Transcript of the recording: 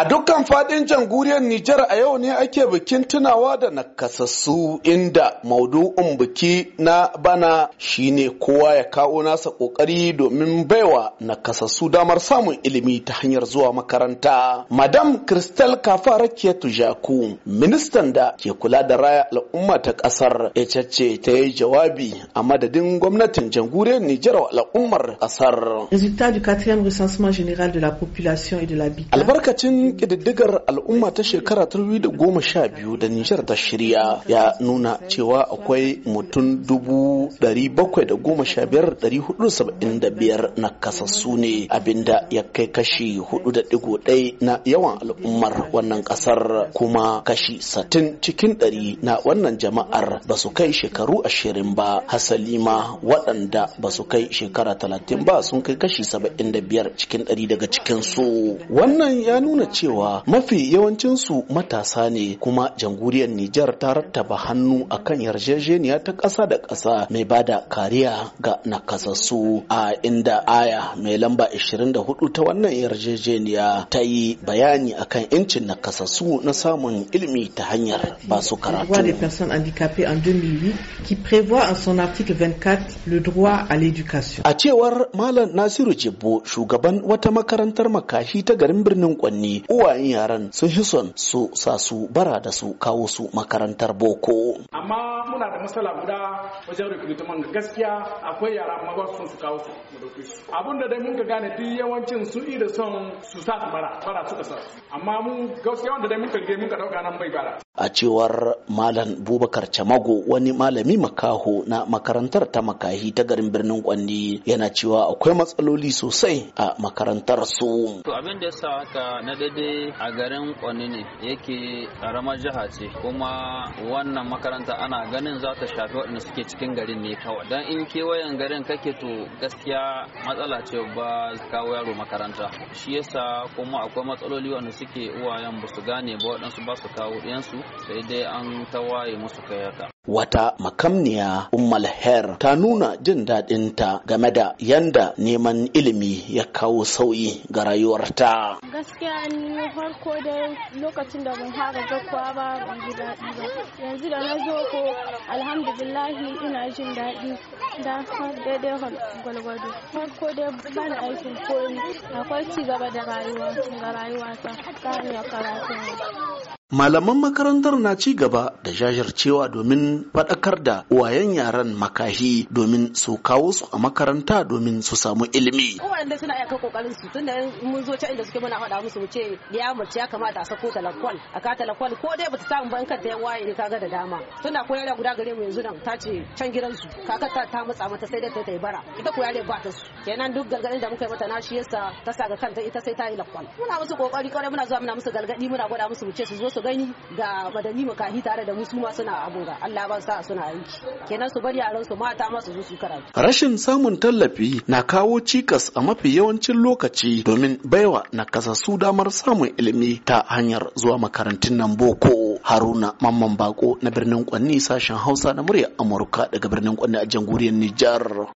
A dukkan fadin jamhuriyar Nijar a yau ne ake bikin tunawa da nakasassu inda maudu'un biki na bana shine kowa ya kawo nasa kokari domin baiwa nakasassu damar samun ilimi ta hanyar zuwa makaranta. Madam Kristal Kafarakiya Tujaku, ministan da ke kula da raya al'umma ta kasar ce ta yi jawabi a madadin gwamnatin jamhuriyar Nijar wa al'ummar kasar. Albarkacin Binciken ƙididdigar al'umma ta shekara ta goma sha biyu da Nijar ta shirya ya nuna cewa akwai mutum dubu ɗari bakwai da goma sha biyar ɗari hudu saba'in da biyar na kasassu ne abinda ya kai kashi hudu da digo ɗai na yawan al'ummar wannan ƙasar kuma kashi satin cikin ɗari na wannan jama'ar ba su kai shekaru ashirin ba hasali ma waɗanda ba su kai shekara talatin ba sun kai kashi saba'in da biyar cikin ɗari daga cikin su wannan ya nuna cewa mafi yawancinsu matasa ne kuma jamhuriyar Nijar ta rattaba hannu akan yarjejeniya ta ƙasa da ƙasa mai bada kariya ga nakasassu a inda aya mai lamba 24 ta wannan yarjejeniya ta yi bayani akan incin nakasassu na samun ilimi ta hanyar basu karatu. A cewar Malam Nasiru Jibbo, shugaban wata makarantar makashi ta garin birnin Kwanni, uwayen yaran sun hison su sa su bara da su kawo su makarantar boko amma muna da matsala guda wajen recruitment ga gaskiya akwai yara amma ba su su kawo su Abun da dai mun gane duk yawancin su da son su sa su bara bara su sa amma mu gaskiya wanda dai mun kalge mun ka dauka nan bai bara a cewar malam bubakar camago wani malami makaho na makarantar ta makahi ta garin birnin kwanni yana cewa akwai matsaloli sosai a makarantar su to abin da yasa haka na dade a garin kwanni ne yake karamar jiha ce kuma wannan makaranta ana ganin za ta shafi waɗanda suke cikin garin ne kawai dan in kewayen garin kake to gaskiya matsala ce ba kawo yaro makaranta shi yasa kuma akwai matsaloli wanda suke uwayen ba su gane ba waɗansu ba su kawo ɗiyansu sai dai an tawaye musu kai haka. Wata makamniya Ummal Her ta nuna jin daɗinta game da yanda neman ilimi ya kawo sauyi ga rayuwarta. Gaskiya ni farko da lokacin da ban fara zakwa ba ban ji daɗi ba. Yanzu da na zo ko alhamdulillahi ina jin daɗi da daidai gwalgwado. Farko da ban aikin koyi akwai cigaba da rayuwa ga rayuwata ta hanyar karatu. Malaman makarantar na ci gaba da jajircewa domin faɗakar da wayan yaran makahi domin su kawo su a makaranta domin su samu ilimi. Kowanne suna aika kokarin su tunda mun zo can inda suke muna faɗa musu mu ce ya mace ya kamata a sako talakwal a ka talakwal ko dai bata samu ban kanta ya waye ne kaga da dama tunda ko yare guda gare mu yanzu nan ta ce can gidansu kaka ta ta matsa mata sai dai ta yi bara ita ko yare ba ta su kenan duk gargadin da muka yi mata na shi yasa ta saka ga kanta ita sai ta yi lakwal muna musu kokari kwarai muna zuwa muna musu gargadi muna gwada musu mu ce su zo su gani ga madani makahi tare da musu su ma suna abun ga Allah ba sa suna aiki kenan su bari yaran su mata ma su zo su karatu rashin samun tallafi na kawo cikas a mafi yawancin lokaci domin baiwa na nakasassu damar samun ilimi ta hanyar zuwa makarantun nan boko haruna mamman bako na birnin kwanni sashen hausa na murya amurka daga birnin kwanni a jamhuriyar nijar